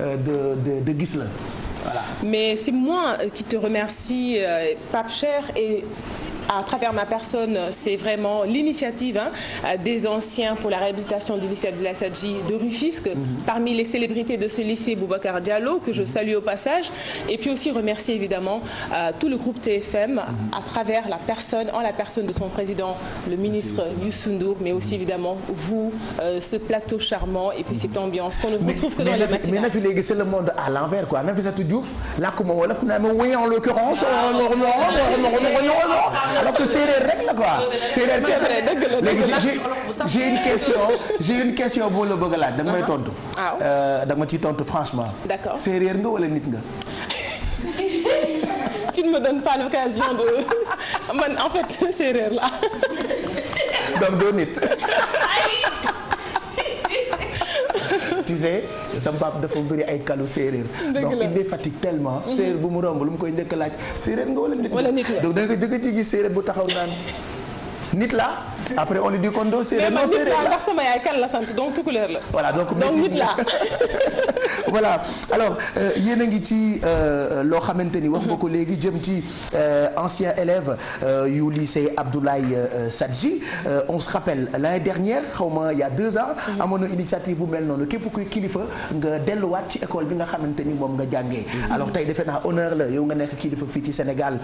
Euh, de de gis la voilà. mais c'est moi qui te remercie euh, Pape Cheikh et à travers ma personne, c'est vraiment l'initiative hein, des anciens pour la réhabilitation du lycée de la Sadji de Rufisque, mmh. parmi les célébrités de ce lycée, Boubacar Diallo, que je salue au passage, et puis aussi remercier évidemment tout le groupe TFM à travers la personne, en la personne de son président, le ministre Ndour, mais aussi évidemment vous, ce plateau charmant et cette ambiance qu'on ne retrouve que dans la matinée. Mais na fi léegi c'est alors que séeréer rek la quoi. séeréer kese la léegi j'ai une question j'ai une question la bëgg a laaj da nga may uh-huh. tontu. Euh, da nga ciy tontu franchement. d'accord séeréer nga wala nit nga. tu ne me donnes pas l'occasion man en fait séeréer la. donc doo nit. tu sais pap dafa bëri ay kalu séeréer donc il les fatigue tellement mhm. séeréer bu mu romb lu mu koy njëkk laaj séeréer nga wala nit donc da nga jëkk gis séeréer bu taxaw naan nit la après on lui kon doo séeréer la ndax donc tukulóor la. voilà donc voilà alors euh, yéen a ngi ci euh, loo xamante ni wax nga ko léegi jëm ci euh, ancien élève yu lycée Abdoulaye Sadji on se rappelle l'année dernière xaw ma il y a deux ans. Mm-hmm. amoon na initiative bu mel noonu képp kuy kilifa nga delluwaat ci école bi nga xamante ni moom nga jàngee. Mm-hmm. alors tey defe naa honneur la yow nga nekk kilifa fii ci Sénégal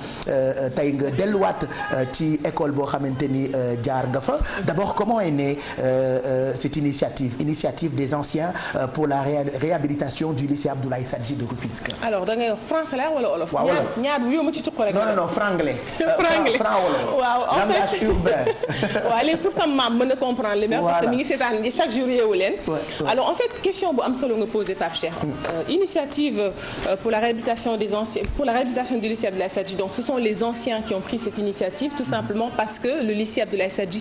tey nga delluwaat ci école boo xamante ni jaar dafa d'abord comment est née euh, euh, cette initiative initiative des anciens euh, pour la réhabilitation du lycée Abdoulaye Sadji de Rufisque. alors da ngay wax français la wala wolof. waaw wolof ñaar ñaar yomb ci tukko rek. non non non franglais. franglais franc wolof. waaw en fait waaw pour sama maam mën na comprendre mm. initiative pour la réhabilitation du lycée Abdoulaye Sadji donc ce sont les anciens qui ont pris cette initiative tout simplement parce que le lycée Abdoulaye Sadji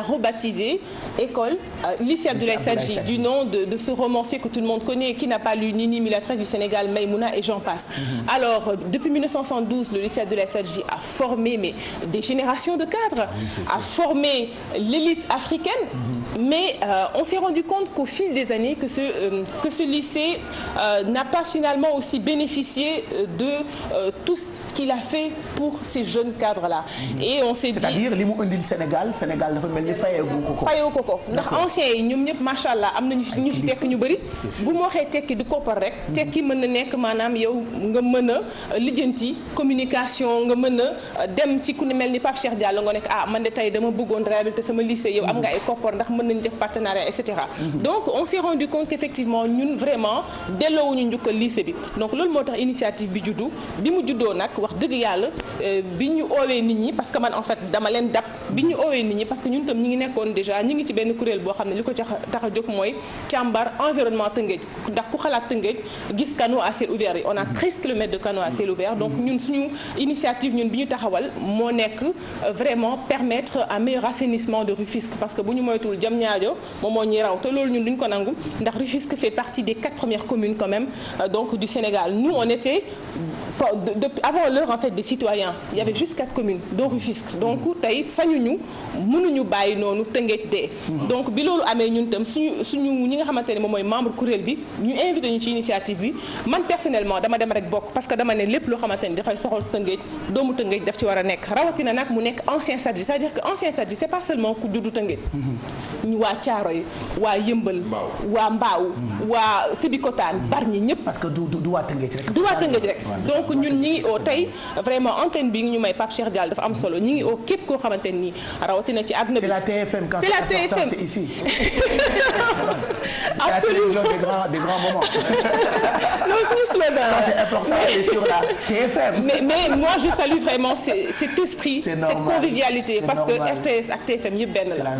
l'a rebaptisé École euh, Lycée Abdoulaye Sadji, du nom de, de, ce romancier que tout le monde connaît et qui n'a pas lu Nini Mulatresse du Sénégal, Maïmouna et j'en passe. Mm -hmm. Alors, depuis 1972, le Lycée Abdoulaye Sadji a formé mais, des générations de cadres, ah oui, a formé l'élite africaine. Mm -hmm Mais euh, on s'est rendu compte qu'au fil des années, que ce, euh, que ce lycée euh, n'a pas finalement aussi bénéficié euh, de euh, tout ce qu'il a fait pour ces jeunes cadres-là. Mm -hmm. Et on s'est dit... c'est-à-dire li mu indil Sénégal Sénégal dafa mel ni fayeeku ko ko. fayeeku ko ndax anciens yi ñoom ñëpp macha allah am na ñu ñu fi tekki ñu bëri. bu ma waxee tekki du koppar rek. Mhm. tekki mën na nekk maanaam yow nga mën a euh, lijjanti communication nga mën a dem si ku ne mel ni Pape Cheikh Diallo nga nekk ah man de tey dama bëggoon réhabiliter sama lycée yow am nga ay koppar mën nañ def partenariat et cetera. donc on s' est rendu compte qu' effectivement ñun vraiment delloowuñu njukkal lycée bi donc loolu moo tax initiative bi juddu bi mu juddoo nag wax dëgg yàlla euh, bi ñu oowee nit ñi parce que man en fait dama leen dab bi ñu oowee nit ñi parce que ñun tam ñi ngi nekkoon déjà ñi ngi ci benn kuréel boo xam ne li ko tax a jóg mooy càmbar environnement Tëngéej ndax ku xalaat Tëngéej gis canaux à ciel ouvert yi on a 13 kilomètres de canaux à ciel ouvert donc ñun suñu initiative ñun bi ñu taxawal moo nekk euh, vraiment permettre un meilleur jam ñaajo moom moo ñuy raw te loolu ñun duñ ko nangu ndax Rufisque fait partie des quatre premières communes quand même euh, donc du Sénégal nous on était avant l'heure en fait des citoyens il y avait juste quatre communes dont Rufisque donc tey ñu mënuñu bàyyi noonu tëngeej dee donc bi loolu amee ñun tam suñu suñu ñi nga xamante ne moom mooy membre kuréel bi ñu invité ñu ci initiative bi man personnellement dama dem rek bokk parce que dama ne lépp loo xamante ni dafay soxal tëngeej doomu tëngeej daf nag mu nekk ancien sadji c'est-à-dire que ancien sadji c'est pas seulement ku waa Caaroy waa Yëmbal waa Mbaaw waa Sébikotaan Bargny ñëpp parce que du du waa Tëngéej rek rek donc ñun ñi ngi oo tey vraiment antenne bi ñu may Pape Cheikh Diallo dafa am solo ñi ngi oo képp koo xamante nii rawatina ci àdduna bi la TFM quand c'est la TFM c'est ici absolument des grands des grands moments loolu suñu slogan quand TFM mais moi je salue vraiment cet esprit cette convivialité parce que RTS ak TFM yëpp benn la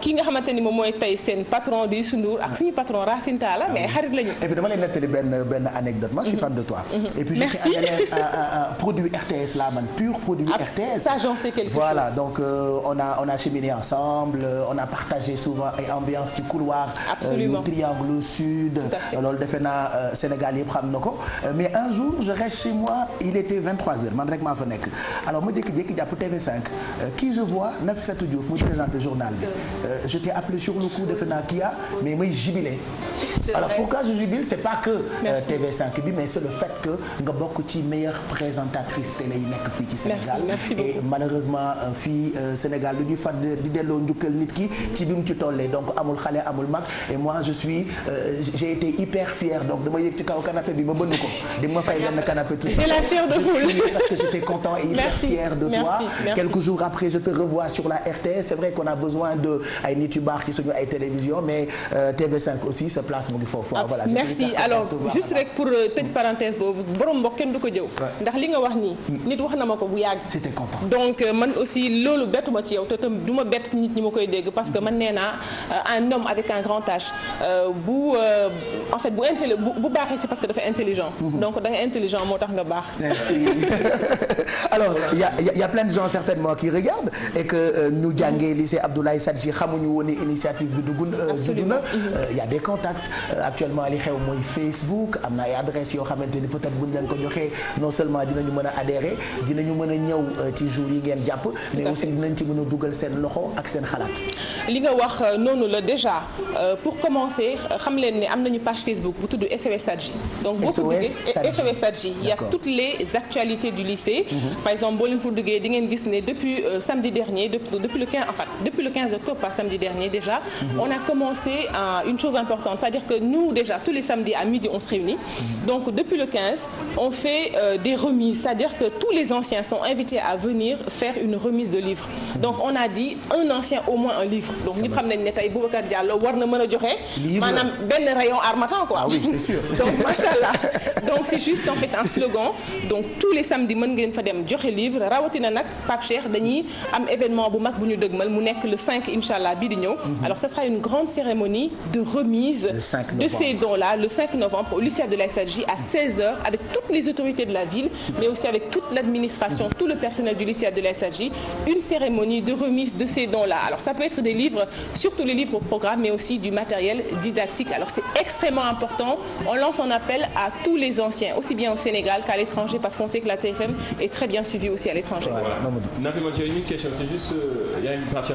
ki nga xamante ni moom mooy tey seen patron di Youssou Ndour ak suñu patron Racine Talla mais ah xarit lañu. et puis dama lay nettali benn benn anecdote moi je suis fan de toi. Mhm. et puis RTS euh, euh, euh, la man pur produit ah, RTS. ça j'en sais quelque chose voilà donc on a on a cheminé ensemble a partagé souvent ay ambiance du couloir. absolument le triangle sud. loolu defe naa Sénégal yëpp xam na ko mais un jour je reste chez moi il était 23 man rek maa fa nekk alors ma jékki-jékki jàpp TV5 qui je vois Nafissatou Diouf mu présenté journal Euh, je t'ai appelé sur le coup defe naa Kia mais may jubilé alors pourquoi je jubile c'est pas que euh, tv bi mais c'est le fait que nga bokk ci meilleure présentatrice télé yi nekk fii ci Sénégal et malheureusement euh, fii euh, Sénégal lu ñuy fat di delloo njukkal nit ki ci bi mu ci tollee donc amul xale amul mag et moi je suis j'ai été hyper donc dama yëg ci kaw canapé bi ma bënn ko di ma fay benn canapé tout ça j'ai la chair de poule parce que j'étais content et hyper de toi quelques jours après je te revois sur la RTS c'est vrai qu'on yu baax ci suñu ay télévision mais TV5 aussi se place ngi foofu. Ah, ah, voilà merci alors juste rek pour euh, tëj parenthèse boobu borom mbokk kenn du ko jëw. ndax li nga wax nii. Mm. nit wax na ma ko bu yàgg. c'était content donc euh, man aussi loolu bettu ci yow te tamit du ma bett nit ñi ma koy dégg parce que man nee naa euh, un homme avec un grand H bu en fait bu intelli bu baaxee si parce que dafa intelligent. Mm-hmm. donc da nga intelligent moo tax nga baax. alors y a y a plein de gens certainement qui regardent et que ñu jàngee li lycée Abdoulaye Sadji xamuñu woon initiative bi dugg na. absolument mm-hmm. Euh, actuellement li xew mooy Facebook am na ay adresse yoo xamante ni peut ko joxee non seulement dinañu mën a adhérer dinañu mën a ñëw euh, ci jour yi ngeen jàpp mais aussi dinañ ci mën a dugal loxo ak seen xalaat li nga wax euh, noonu la déjà pour commencer xam leen ne am nañu page Facebook bu tudd SOS Sadji donc boo ko duggee SOS Sadji y a toutes les actualités du lycée mhm. par exemple boo leen fa duggee di ngeen gis ne depuis samedi dernier depuis le 15 en fait depuis octobre pas samedi dernier déjà mhm. que nous déjà tous les samedis à midi on se réunit. Mhm. Donc depuis le 15, on fait euh, des remises, c'est-à-dire que tous les anciens sont invités à venir faire une remise de livres. Mhm. Donc on a dit un ancien au moins un livre. Donc ñëpp xam nañ Boubacar Diallo war na mën a joxe. maanaam rayon armatan quoi. Ah oui, c'est sûr. donc c'est un slogan donc tous les samedis mën ngeen fa livre rawatina nag Pape Cheikh am événement bu mag bu ñu dëgmal mu nekk le 5 incha allah bii di ñëw. Mhm. 5 de ces dons-là le 5 novembre au lycée de la SRJ à 16h avec toutes les autorités de la ville mais aussi avec toute l'administration, tout le personnel du lycée de la SRJ, une cérémonie de remise de ces dons-là. Alors peut être des livres, surtout les livres au programme mais aussi du matériel didactique. Alors c'est extrêmement important. On lance un appel à tous les anciens, aussi bien au Sénégal qu'à l'étranger parce qu'on sait que la TFM est euh, a une partie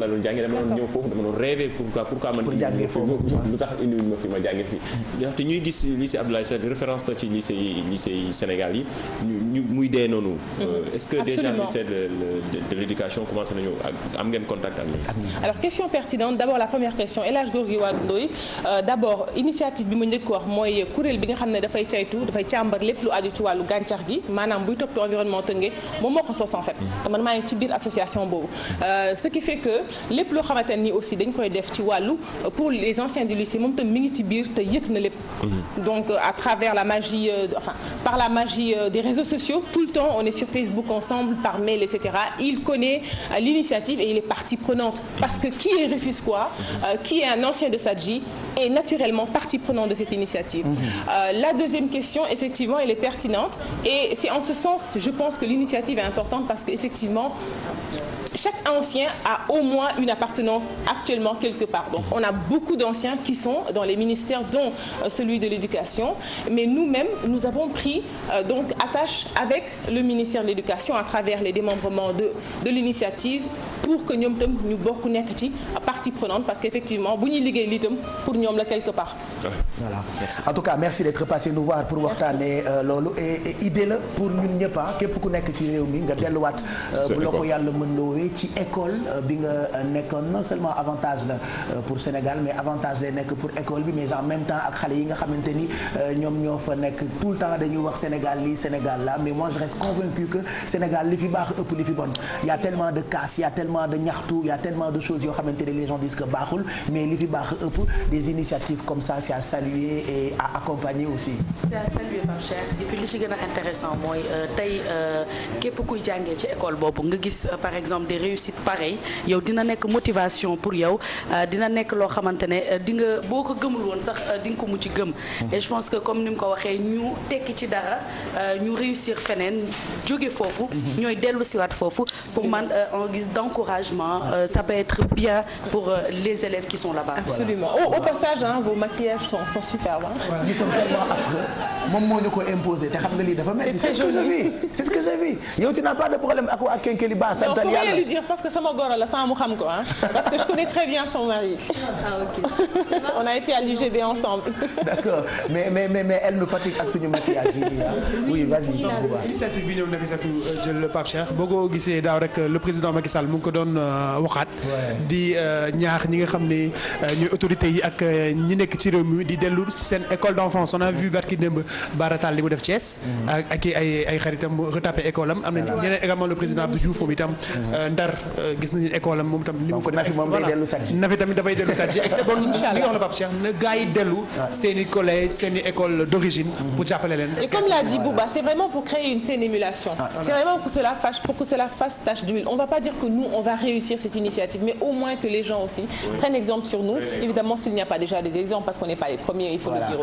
laa doon jàngee dama la mm-hmm. euh, ce que de l'éducation commencé nañu ak am ngeen contact ak ñoom alors question pertinente d'abord première question El Gorgui Wade Ndoye euh, d'abord initiative bi ma njëkk wax mooy kuréel bi nga xam ne dafay caytu dafay càmbar lépp lu aju ci wàllu gàncax gi maanaam buy topp environnement Tëngéej moom moo ko sos en fait mm. man maa ngi ci biir association boobu euh, ce qui fait que lépp loo xamante ni aussi dañ koy def ci wàllu euh, pour les anciens du lycée moom tam mi ngi ci mhm. donc euh, à travers la magie euh, enfin par la des réseaux sociaux tout le temps on est sur Facebook ensemble par mail et il connaît l'initiative et il est partie parce que qui est Rufisquois mhm. qui est un ancien de Sadji est naturellement partie prenante de cette initiative mhm. la deuxième question effectivement est pertinente et que l'initiative est importante parce que effectivement chaque ancien a au moins moins une appartenance actuellement quelque part. Donc on a beaucoup d'anciens qui sont dans les ministères, dont euh, celui de l'éducation, mais nous-mêmes, nous avons pris euh, donc attache avec le ministère de l'éducation à travers les démembrements de l'initiative pour que ñoom itam ñu bokk nekk ci partie prenante parce que effectivement bu ñuy liggéey lii tam pour ñoom la quelque part. voilà merci. en tout cas merci d'être passé euh, loolu et idée la pour ñun ñëpp ah, képp ku nekk ci réew mi nga delluwaat. Euh, bu la ko yàlla mën loowee ci école euh, bi nga nekkoon non seulement avantage la pour Sénégal mais avantage lay nekk pour école bi mais en même temps ak xale yi nga xamante ni ñoom ñoo fa nekk tout le temps dañuy wax Sénégal lii Sénégal là mais je reste convaincu tellement de ñaxtu y a tellement de choses yoo xamante ne les gens baaxul mais li fi baax ëpp des initiatives comme ça c'est à saluer et à accompagner aussi. c'est à saluer Pape Cheikh et puis li ci gën intéressant mooy euh, tey euh, képp kuy jàngee ci école boobu nga gis euh, par exemple des réussite pareilles yow dina nekk motivation pour yow dina nekk loo xamante ne di nga boo ko gëmul woon sax dinga nga ko mujj gëm. Mm-hmm. et je pense que comme ni mu ko waxee ñu tekki ci dara ñu réussir feneen jóge foofu. Mm-hmm. encouragement, euh, ça peut être bien pour euh, les élèves qui sont là-bas. Absolument. Voilà. Au, au, passage, hein, vos maquillages sont, sont superbes. Hein. Ouais. Ils sont tellement affreux. moom moo ñu ko imposé te xam nga lii dafa métti c'est ce que je vis c'est ce yow tu n'as pas de problème ak Kenkeli Ba santal yàlla lui sama goro la sans xam ko ah parce que je connais très bien son mari ah, on a été à l'UGB ensemble d'accord mais mais mais mais elle nous fatigue ak suñu maquillage yi nii ah oui vas-y initiative bi ñëw na fi surtout euh, jël le Pape Cheikh boo ko gisee daaw rek euh, le président Macky Sall mu ngi ko doon euh, waxaat di ñaax ñi nga xam ne ñooy autorités yi ak ñi nekk ci réew mi di dellu seen école d'enfance on a vu barki démb Baratal li mu mm-hmm. ay xaritam mu retapé école am. le président Abdou Diouf mm-hmm. euh, Ndar euh, gis nañu école am moom itam. li mu ko def moom day dellu sàcc. Nafi dellu sàcc et bon li nga wax dellu. seen i collège mm-hmm. pour jàppale leen. et comme l'a dit Bouba c'est vraiment pour créer une saine émulation. Ah, c'est vraiment pour que cela fasse pour que cela on va pas dire que nous on va réussir cette initiative mais au moins que les gens aussi a pas déjà des exemples parce qu'on n'est pas les premiers il faut le dire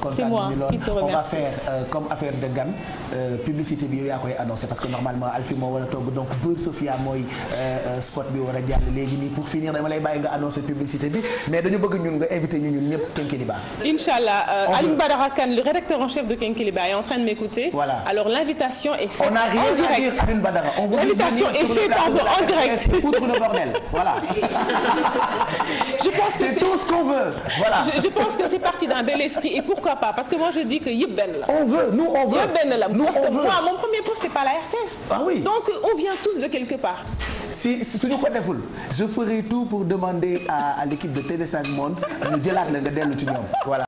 kontaan nañu lool on va faire euh, comme affaire de gan euh, publicité bi yow yaa koy annoncé parce que normalement Alfi moo war togg donc Beurre Sofia mooy euh, euh, spot bi war a jàll léegi nii pour finir dama lay bàyyi nga annoncé publicité bi mais dañu bëgg ñun nga invité ñu ñun ñëpp Kinkeliba. incha allah Badara Kane le rédacteur en chef de Kinkeliba est en train de m'écouter. l'invitation est faite en direct on a rien à dire Alioune Badara on vous l'invitation est c'est tout ce qu'on veut voilà. je, je pense que c'est parti d'un bel esprit et pourquoi pas parce que moi je dis que yëpp benn la. on veut nous on veut yëpp benn la. nous parce on que veut. moi mon premier poste c'est pas la RTS. ah oui donc on vient tous de quelque part. si suñu ko deful je ferai tout pour demander à à l'équipe de TV5 Monde ñu jëlaat la nga dellu ci ñoom voilà.